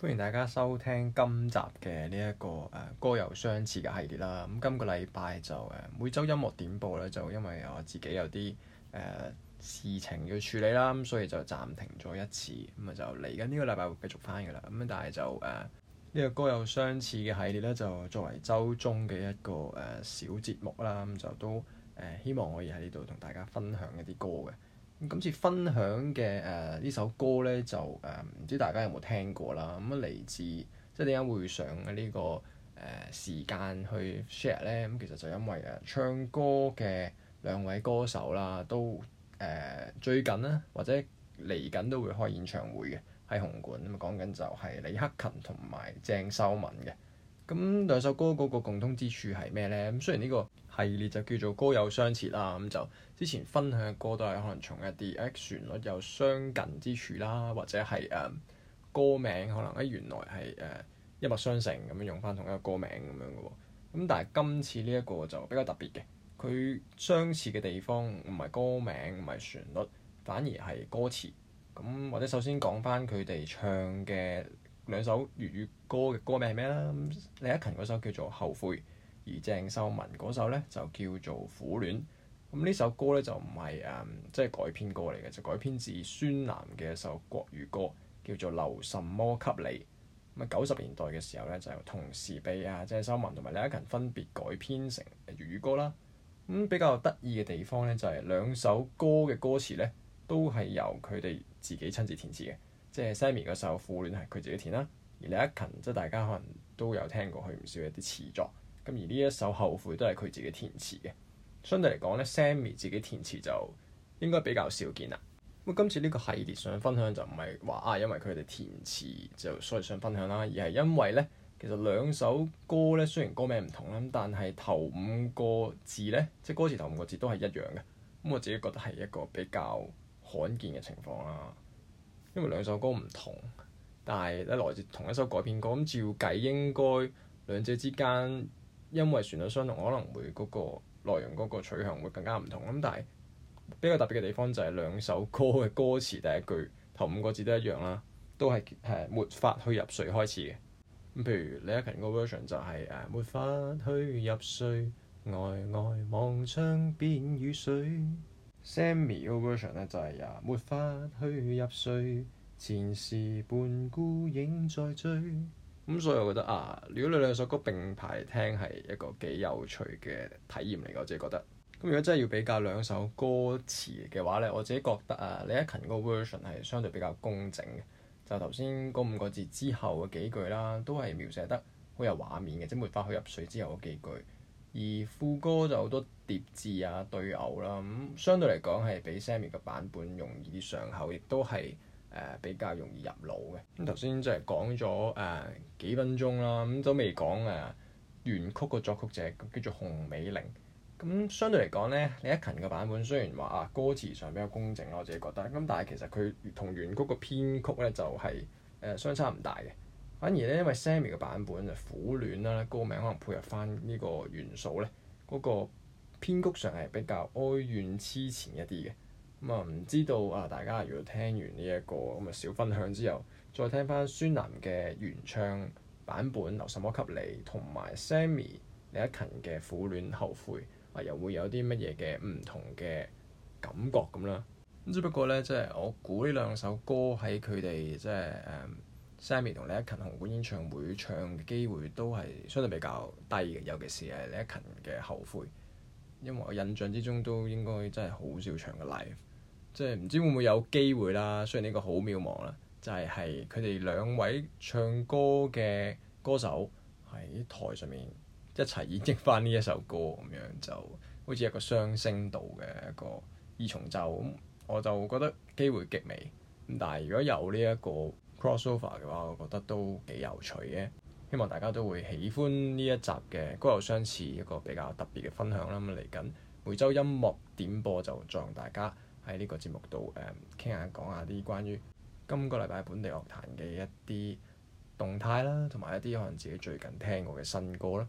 歡迎大家收聽今集嘅呢一個誒歌有相似嘅系列啦。咁、嗯、今個禮拜就誒、呃、每週音樂點播咧，就因為我自己有啲誒、呃、事情要處理啦，咁、嗯、所以就暫停咗一次。咁、嗯、啊就嚟緊呢個禮拜會繼續返嘅啦。咁、嗯、但係就誒呢、呃這個歌有相似嘅系列咧，就作為週中嘅一個誒、呃、小節目啦。咁、嗯、就都誒、呃、希望可以喺呢度同大家分享一啲歌嘅。今次分享嘅誒呢首歌咧就誒唔、呃、知大家有冇聽過啦，咁啊嚟自即係點解會上、這個呃、呢個誒時間去 share 咧？咁其實就因為誒、呃、唱歌嘅兩位歌手啦，都誒、呃、最近咧或者嚟緊都會開演唱會嘅，喺紅館咁講緊就係李克勤同埋鄭秀文嘅。咁兩首歌嗰個共通之處係咩呢？咁雖然呢個系列就叫做歌有相似啦，咁就之前分享嘅歌都係可能從一啲旋律有相近之處啦，或者係誒、呃、歌名可能喺原來係誒、呃、一脈相承咁樣用翻同一個歌名咁樣嘅喎。咁但係今次呢一個就比較特別嘅，佢相似嘅地方唔係歌名唔係旋律，反而係歌詞。咁或者首先講翻佢哋唱嘅。兩首粵語歌嘅歌名係咩啦？李克勤嗰首叫做《後悔》，而鄭秀文嗰首咧就叫做《苦戀》。咁呢首歌咧就唔係誒，即係改編歌嚟嘅，就改編自孫楠嘅一首國語歌，叫做《留什麼給你》。咁九十年代嘅時候咧，就同時被啊鄭秀文同埋李克勤分別改編成粵語歌啦。咁、嗯、比較得意嘅地方咧，就係、是、兩首歌嘅歌詞咧，都係由佢哋自己親自填詞嘅。即係 Sammi 個首負戀係佢自己填啦，而李克勤即係大家可能都有聽過佢唔少一啲詞作，咁而呢一首後悔都係佢自己填詞嘅。相對嚟講咧，Sammi 自己填詞就應該比較少見啦。咁今次呢個系列想分享就唔係話啊，因為佢哋填詞就所以想分享啦，而係因為咧，其實兩首歌咧雖然歌名唔同啦，但係頭五個字咧，即係歌詞頭五個字都係一樣嘅。咁我自己覺得係一個比較罕見嘅情況啦。因為兩首歌唔同，但係咧來自同一首改編歌，咁照計應該兩者之間因為旋律相同，可能會嗰個內容嗰個取向會更加唔同。咁但係比較特別嘅地方就係兩首歌嘅歌詞第一句頭五個字都一樣啦，都係誒沒法去入睡開始嘅。咁譬如李克勤個 version 就係、是、誒、啊、沒法去入睡，呆、呃、呆、呃呃、望窗邊雨水。Sammi 嗰 version 咧就係、是、啊，沒法去入睡，前事半孤影在追。咁所以我覺得啊，如果你兩首歌並排聽係一個幾有趣嘅體驗嚟，我自己覺得。咁如果真係要比較兩首歌詞嘅話咧，我自己覺得啊，李克勤個 version 係相對比較工整嘅，就頭先嗰五個字之後嘅幾句啦，都係描寫得好有畫面嘅，即、就、係、是、沒法去入睡之後嗰幾句。而副歌就好多疊字啊、對偶啦、啊，咁相對嚟講係比 Sammy 嘅版本容易啲上口，亦都係誒、呃、比較容易入腦嘅。咁頭先即係講咗誒幾分鐘啦，咁都未講誒原曲個作曲者叫做洪美玲。咁相對嚟講咧，李克勤嘅版本雖然話啊歌詞上比較公正啦，我自己覺得，咁但係其實佢同原曲個編曲咧就係、是、誒、呃、相差唔大嘅。反而咧，因為 Sammi 嘅版本就苦戀啦，歌名可能配合翻呢個元素咧，嗰、那個編曲上係比較哀怨痴纏一啲嘅。咁、嗯、啊，唔知道啊，大家如果聽完呢一個咁啊小分享之後，再聽翻孫楠嘅原唱版本《留什麼給你》，同埋 Sammi 李克勤嘅《苦戀後悔》啊，啊又會有啲乜嘢嘅唔同嘅感覺咁啦。咁只不過咧，即、就、係、是、我估呢兩首歌喺佢哋即係誒。就是 um, Sammi 同李克勤紅館演唱會唱嘅機會都係相對比較低嘅，尤其是係李克勤嘅後悔，因為我印象之中都應該真係好少唱嘅 live，即係唔知會唔會有機會啦。雖然呢個好渺茫啦，就係係佢哋兩位唱歌嘅歌手喺台上面一齊演繹翻呢一首歌咁樣，就好似一個雙聲道嘅一個二重奏咁。我就覺得機會極微咁，但係如果有呢、這、一個。Crossover 嘅話，我覺得都幾有趣嘅，希望大家都會喜歡呢一集嘅歌有相似，一個比較特別嘅分享啦。咁嚟緊每週音樂點播就再同大家喺呢個節目度誒傾下講下啲關於今個禮拜本地樂壇嘅一啲動態啦，同埋一啲可能自己最近聽過嘅新歌啦。